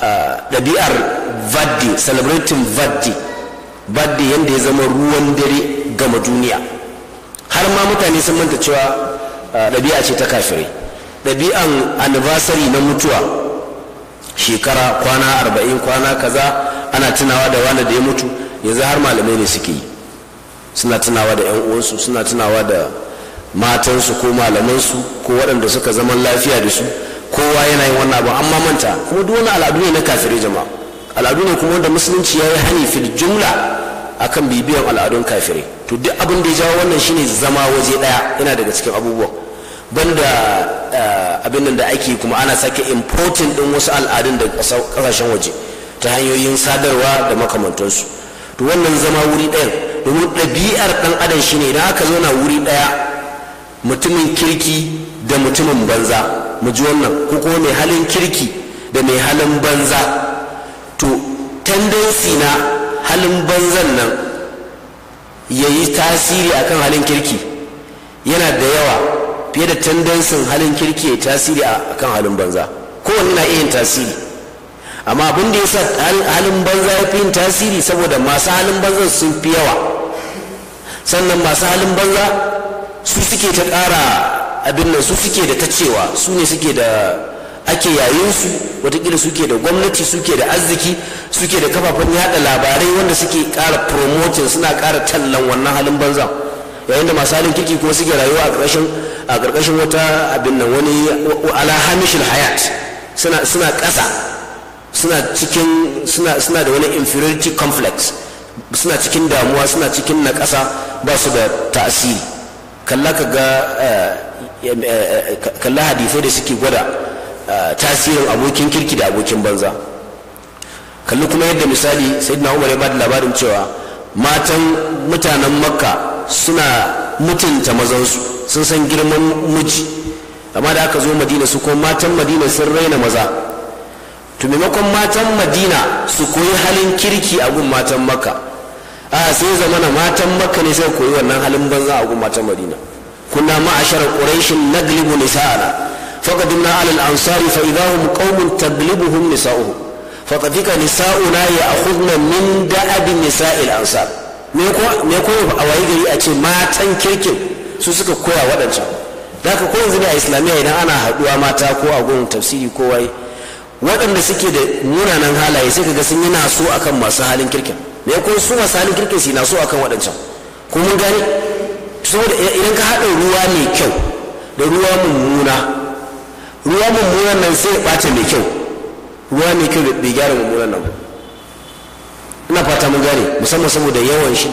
Ah, ɗabi'ar vadi celebrating vadi vadi yadda ya zama ruwan dare gama duniya har ma mutane sun manta cewa ah, ɗabi'a ce ta kafirai ɗabi'an anniversary na mutuwa shekara kwana arba'in kwana kaza ana tunawa da wanda da ya mutu yanzu har malamai ne suke yi suna tunawa da 'yan uwansu suna tunawa da matansu ko malamansu ko waɗanda suka zaman lafiya da su kowa yana yin wannan abu amma manta kuma duk wani al'adu ne na kafiri jama'a al'adu ne kuma wanda musulunci ya yi hani fil jumla akan bibiyan al'adun kafiri to duk abin da ya jawo wannan shine zama waje daya yana daga cikin abubuwan banda eh, abin nan da ake kuma ana sake importing din wasu al'adun da kasashen waje ta hanyoyin sadarwa da makamantansu to wannan zama wuri ɗayan domin ɗabi'ar ɗan adam shine idan aka zauna wuri ɗaya mutumin kirki da mutumin banza mu ji wannan ko kuma mai halin kirki da mai halin banza to tendensi na halin banzan nan ya yi tasiri akan halin kirki yana da yawa fiye da tendensin halin kirki ya tasiri akan halin banza kowanne na iya yin tasiri amma abin da ya sa halin banza ya fi yin tasiri saboda masu halin banza sun fi yawa sannan masu halin banza su suke ta ƙara abin nan su suke da ta cewa su ne suke da ake yayin su watakila suke da gwamnati suke da arziki suke da kafafen yada labarai wanda suke ƙara promotin suna ƙara tallan wannan halin banza yayin da masu halin kirki kuma suke rayuwa a ƙarƙashin a ƙarƙashin wata abin nan wani ala hamishin hayat suna ƙasa suna cikin suna da wani inferiority complex suna cikin damuwa suna cikin naƙasa ba su da tasiri kalla ka ga eh, eh, eh, kalla hadisai da suke gwada tasirin abokin kirki da abokin banza kalli kuma yadda misali sayyidina umar ya ba da labarin cewa matan mutanen makka suna mutunta mazansu sun san girman miji amma da aka zo madina su ko matan madina sun raina maza to maimakon matan madina su koyi halin kirki a gun matan makka a sai zamana matan makka ne sai koyi wannan halin banza a gun matan madina kuna ma'ashar quraishin naglibu nisa'ana ansari على الأنصار فإذا هم قوم تغلبهم nisa'u فطفق نساؤنا يأخذن من دأب نساء ansar me ko a waye gari a ce matan kirkin su suka koya waɗancan da ko yanzu ne a islamiyya idan ana haɗuwa mata ko a gurin tafsiri ko waye waɗanda suke da munanan halaye sai ka ga sun yi naso akan masu halin kirkin ne ko su masalin kirkin su na so akan waɗancan ko mun gane saboda idan ka haɗa ruwa mai kyau da ruwa mummuna ruwa mummunan nan sai ya ɓata mai kyau ruwa mai kyau bai gyara mummunan nan ina fata mun gane musamman saboda yawan shi